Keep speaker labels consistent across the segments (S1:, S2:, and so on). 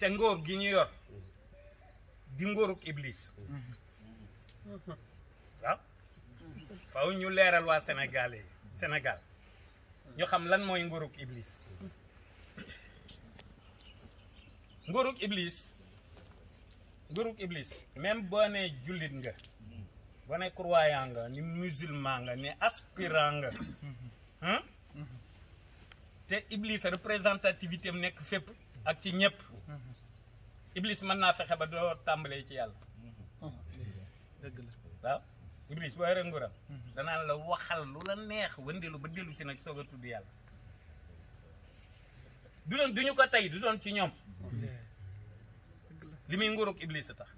S1: te ngóor gi ñu yor di ngóorug iblis waaw faw ñu leeral waa Sénégal senegal ñu xam lan mooy ngóorug iblis ngóorug iblis ngóorug iblis même boo nee jullit nga wane croyant nga ni musulman nga ni aspirant nga te Iblis représentativité am nekk fépp ak ci ñëpp Iblis mën naa fexe ba doo tàmbalee ci yàlla dëgg la waaw Iblis boo yore nguuram mhm. danaan la waxal lu la neex wëndeelu ba dellu si nag soog a tudd yàlla du doon du ñu ko tey du doon ci ñoom li muy nguurug Iblis a tax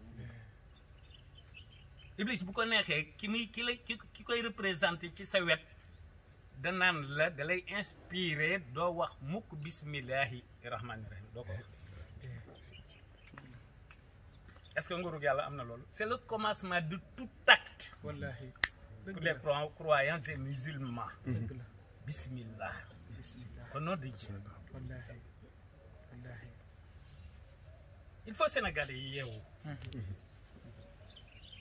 S1: Iblis bu ko neexee ki muy ki lay ki koy représenté ci sa wet danaan la da lay doo wax mukk bismillahi rahmaani rahim doo ko wax est-ce que nguurug yàlla am na loolu c'est le commencement de tout acte wallahi pour les croyants et musulmans bismillah au nom il faut Sénégalais yi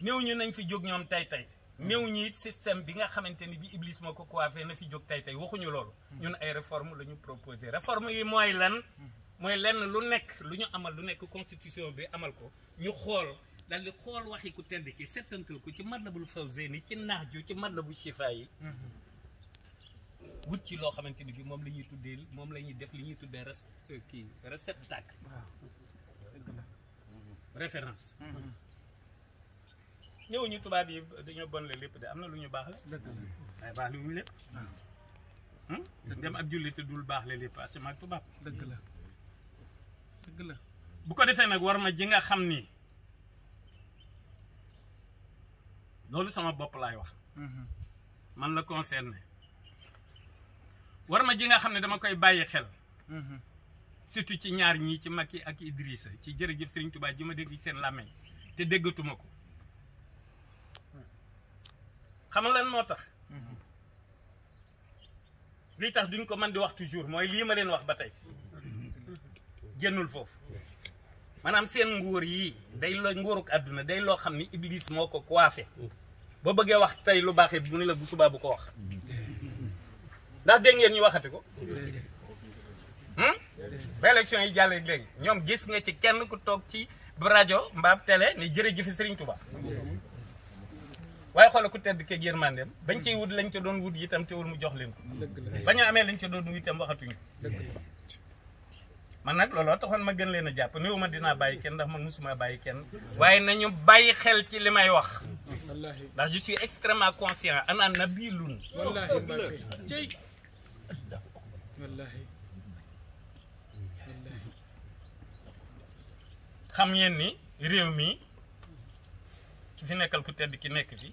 S1: néew ñu nañ fi jóg ñoom tey tey néew ñu it système bi nga xamante ni bi Iblis moo ko coiffé na fi jóg tey tey waxuñu loolu hmm. ñun ay réforme la ñu proposé réforme yi mooy lan hmm. mooy lenn lu nekk lu ñu amal lu nekk constitution bi amal ko ñu xool dal di xool waxi ku tedd ki settantal ko ci Matlabul Fawzayni ci naax ju ci Matlabu Chifa yi hmm. wut ci loo xamante ni bi moom la ñuy tuddee moom la ñuy def li ñuy tuddee res euh, kii réceptacle référence ñëw ñu tubaab yi dañoo bon le lépp de am na lu ñu baax la waaye baax li wuñu lépp ah. hmm? te ak ab jullit dul baax le lépp asama tubaab dëgg la dëgg la bu ko defee nag war ma ji nga xam ni loolu sama bopp laay wax mhm. man la concerné war ma ji nga xam ne dama koy bàyyi xel mhm. surtout ci ñaar ñii ci mag yi ak Idrissa ci jërëjëf Serigne Touba ji ma dégg seen làmmeñ te déggatuma ko xam lan moo tax mhm. li tax duñ ko mën di wax toujours mooy lii ma leen wax ba tey génnul foofu maanaam seen nguur yi day loo nguuruk àdduna day loo xam ni iblis moo ko coiffé boo bëggee wax tey lu baaxee bu ne la bu subaa bu ko wax ndax dégg ngeen ñu waxati ko hmm? ba élection yi jàlle léegi ñoom gis nga ci kenn ku toog ci rajo mbaab télé ni jërëjëf Serigne ba waaye xoolal ku tedd keeg yërmandeem bañ cey wut lañ ca doon wut te teewul mu jox leen ko bañ a amee lañ ca doon wut itam waxatuñu man nag looloo taxoon ma gën leen a jàpp néew ma dinaa bàyyi kenn ndax man musuma bàyyi kenn waaye nañu bàyyi xel ci li may wax ndax je suis extrêmement conscient ana nabilun xam ngeen ni réew mi ki fi nekkal ku tedd ki nekk fi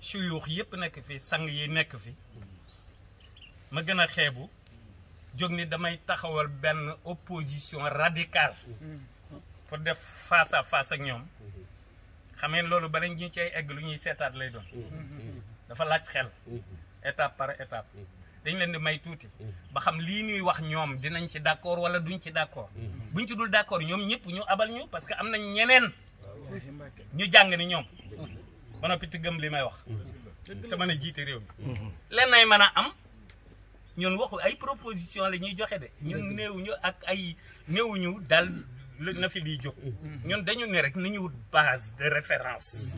S1: suyuux yëpp nekk fi sang yi nekk fi ma gën a xeebu jóg ni damay taxawal benn opposition radicale pour def face à ak ñoom xam ngeen loolu bala ñu ci ay egg lu ñuy seetaat lay doon dafa laaj xel étape par étape dañ leen di may tuuti ba xam lii ñuy wax ñoom dinañ ci d'accord wala duñ ci d'accord mm-hmm. buñ ci dul d'accord ñoom ñëpp ñu abal ñu parce que am nañ ñeneen ñu jàng ni ñoom ba noppi te gëm li may wax te mën a jiite réew mi lenn ay mën a am ñun wax ay proposition la ñuy joxe de ñun néewuñu ak ay néewuñu dal na fi liy jóg ñun dañu ne rek nañu wut base de référence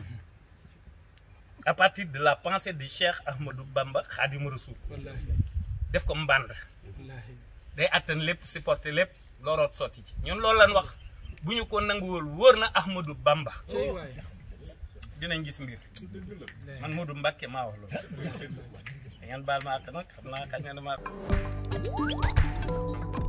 S1: à partir de la pensée de Cheikh Ahmadou Bamba Khadim Rassoul def ko mbànd day attan lépp supporter lépp looloot sotti ci ñun loolu wax bu ñu ko nanguwul wóor na Ahmadou Bamba dinañ gis mbir man Modou Mbacke maa wax loolu da ngeen baal ma àq nag xam naa xañ na ma